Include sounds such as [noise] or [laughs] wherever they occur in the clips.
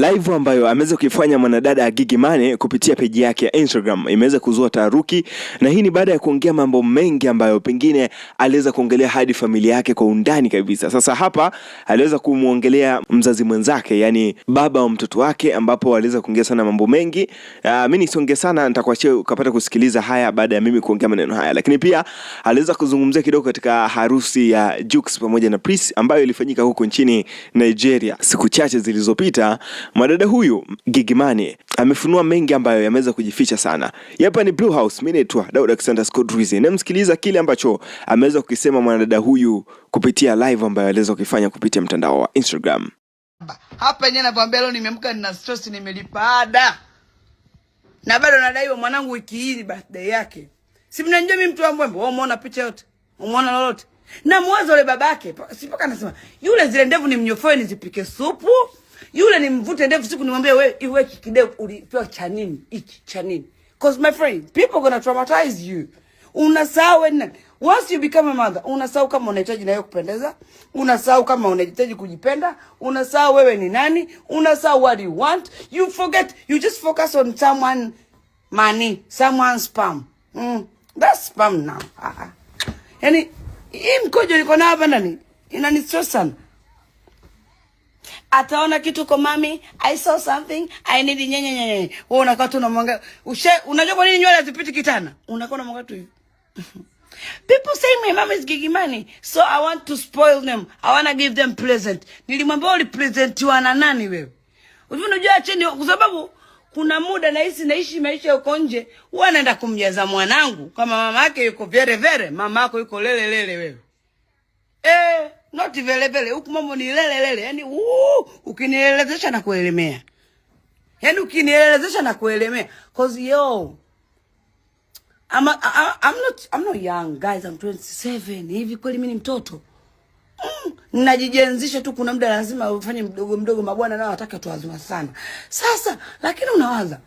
live ambayo ameweza kuifanya mwanadada Gigy Money kupitia peji yake ya Instagram imeweza kuzua taharuki, na hii ni baada ya kuongea mambo mengi ambayo pengine aliweza kuongelea hadi familia yake kwa undani kabisa. Sasa hapa aliweza kumwongelea mzazi mwenzake, yani baba wa mtoto wake, ambapo aliweza kuongea sana mambo mengi. Mimi ah, nisonge sana, nitakuachia ukapata kusikiliza haya baada ya mimi kuongea maneno haya, lakini pia aliweza kuzungumzia kidogo katika harusi ya Jux pamoja na Prince ambayo ilifanyika huko nchini Nigeria siku chache zilizopita Mwanadada huyu Gigimani amefunua mengi ambayo yameweza kujificha sana. Hapa ni Blue House, mimi naitwa Daud Alexander Scott Rizzi. Namsikiliza kile ambacho ameweza kukisema mwanadada huyu kupitia live ambayo aliweza kukifanya kupitia mtandao wa Instagram. Hapa yenyewe anakuambia leo nimeamka nina stress nimelipa ada. Na bado nadaiwa mwanangu wiki hii ni birthday yake. Si mnanijua mimi mtu wa mbwembwe, wewe umeona picha yote? Umeona lolote? Na mwanzo yule babake, sipaka anasema, yule zile ndevu ni mnyofoe nizipike supu. Yule ni mvute ndevu siku nimwambie wewe iwe kidevu ulipewa cha nini? Hiki cha nini? Cause my friend, people gonna traumatize you. Unasahau wewe Once you become a mother, unasahau kama unahitaji na yeye kupendeza, unasahau kama unahitaji kujipenda, unasahau wewe ni nani, unasahau what you want. You forget, you just focus on someone money, someone spam. Mm, that's spam now. Ah. Yaani, hii mkojo iko na hapa ndani. Inanistress sana ataona kitu kwa mami, I saw something I need nyenye nyenye. Wewe unakaa tu unamwanga. Ushe, Unajua kwa nini nywele hazipiti kitana? Unakaa unamwanga tu hivi. [laughs] People say my mom is giving money, so I want to spoil them. I want to give them present. Nilimwambia uli present ulipresentiwa na nani wewe? Unajua chini kwa sababu kuna muda na hisi naishi maisha huko nje, huwa naenda kumjaza mwanangu kama mama yake yuko vere vere, mama yako yuko lele lele wewe. Eh, not velevele huku, mambo ni lele lele, yani ukinielezesha na kuelemea, yani ukinielezesha na kuelemea cause yo I'm, a, I'm not I'm not young guys, I'm 27. Hivi kweli mimi ni mtoto? Mm, najijenzisha tu, kuna muda lazima ufanye mdogo mdogo, mabwana nao wataka tu tuwazima sana. Sasa lakini unawaza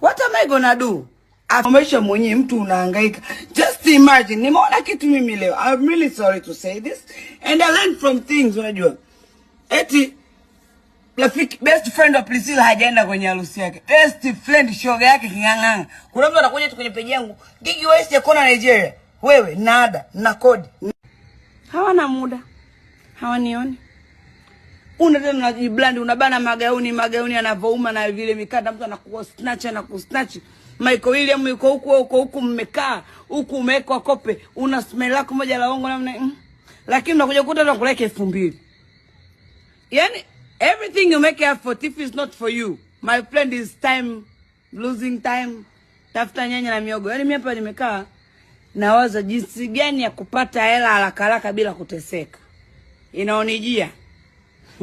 what am I gonna do? maisha mwenye mtu unahangaika. Just imagine, nimeona kitu mimi leo. I'm really sorry to say this and I learned from things. Unajua eti rafiki best friend wa Priscilla hajaenda kwenye harusi yake, best friend shoga yake king'ang'anga. Kuna mtu anakuja tu kwenye peji yangu gigi west ya kona Nigeria, wewe nada na kodi, hawana muda hawanioni una tena unajiblandi, unabana magauni, magauni yanavyouma na vile mikanda, mtu anakuwa snatch na kusnatch. Michael William yuko huku, uko huku, mmekaa huku, umewekwa kope, una smell lako moja la ongo namna mm. Lakini unakuja kukuta nakuleka elfu mbili yani everything you make effort if it's not for you my friend is time losing time. Tafuta nyanya na miogo. Yani mimi hapa nimekaa nawaza jinsi gani ya kupata hela haraka haraka bila kuteseka, inaonijia [coughs]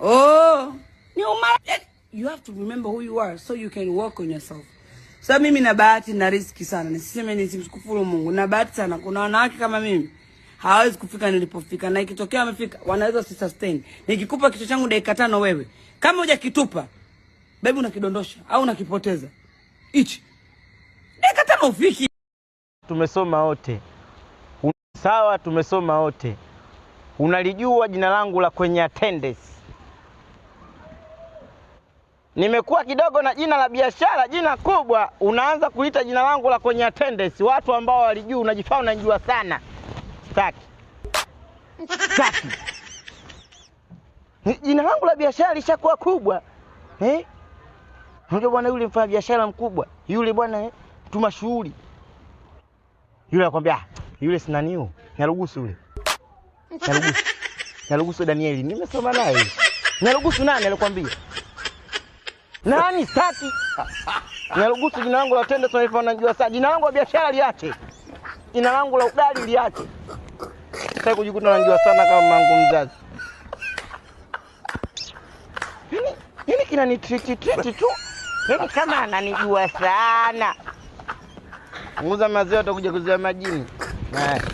oh, you, yaani, you have to remember who you are so you can work on yourself. Sasa so, mimi na bahati na riziki sana, nisiseme nisimshukuru Mungu, na bahati sana. Kuna wanawake kama mimi hawawezi kufika nilipofika, na ikitokea wamefika wanaweza si sustain. Nikikupa kichwa changu dakika tano, wewe kama hujakitupa baby, unakidondosha au unakipoteza hichi dakika tano, ufiki. Tumesoma wote sawa, tumesoma wote unalijua jina langu la kwenye attendance. Nimekuwa kidogo na jina la biashara, jina kubwa, unaanza kuita jina langu la kwenye attendance. Watu ambao walijua unajifaa unajua sana. Staki. Staki. Jina langu la biashara lishakuwa kubwa. Eh? Unajua bwana yule mfanya biashara mkubwa, yule bwana eh, tuma shughuli. Yule anakuambia, ah, yule sina nyarugusu yule. Nyarugusu. Nyarugusu Danieli. Nimesoma naye. Nyarugusu nani alikwambia? Nani sati? Nyarugusu jina langu la tenda tunaifa unajua sasa. Jina langu la biashara liache. Jina langu la ugali liache. Sasa kujikuta unajua sana kama mangu mzazi. kina ni trick trick tu? Nini kama ananijua sana? Muuza maziwa atakuja kuzia majini. Nah. Eh.